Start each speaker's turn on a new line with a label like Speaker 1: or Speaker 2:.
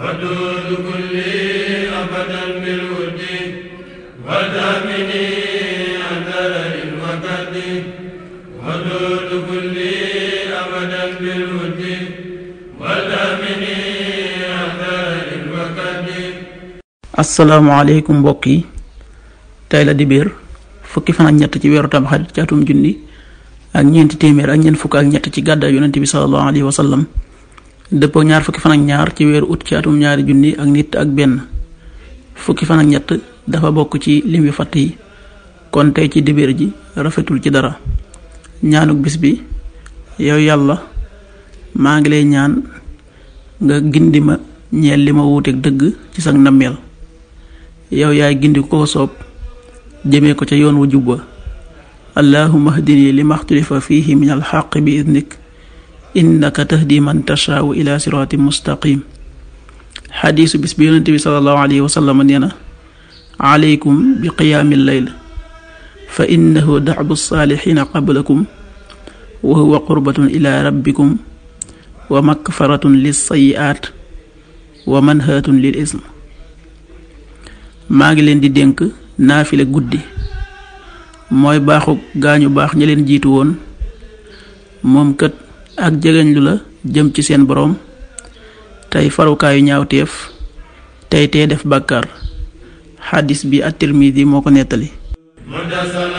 Speaker 1: ودود كلي أبدا بالود ودامني أدر وكد ودود كلي أبدا
Speaker 2: بالود ودامني أدر وكد السلام عليكم بوكي تايلا ديبير fukki fan ñett ci weeru tamxarit ci atum junni ak ñeenti téeméer ak ñeent fukk ak ñett ci gàddaay yonente bi sallallahu alayhi wa dëppoo ñaar fukki fan ñaar ci weeru ut ci atum ñaari junni ak nit ak benn fukki fan ñett dafa bokk ci lim yu yi kon tey ci dibéer ji rafetul ci dara ñaanuk bis bi yow yàlla maa ngi lay ñaan nga gindi ma ñeel li ma wuuteeg dëgg ci sag nammeel yow yaay gindi ko soob jëmee ko ca yoon wu jubba allahuma hdini li maxtalifa fihi min alxaq bi idnik innaka tahdi man tashaau ila siraatin mustaqim xadiisu bi yonente bi salallahu wa sallam nee na aleykum bi qiyaami leyl fa innahu daxbu saalixiina qablakum wa huwa qurbatun ila rabbikum wa makfaratun lissayiaat wa manhaatun lil ism maa ngi leen di dénk naafile guddi mooy baaxu gaañu baax ña leen jiitu woon moom kat ak jegeñlu la jëm ci seen boroom tey farukaayu ñaawteef tey tee def bàkkaar xadis bi at-Tirmidi moo ko nettali man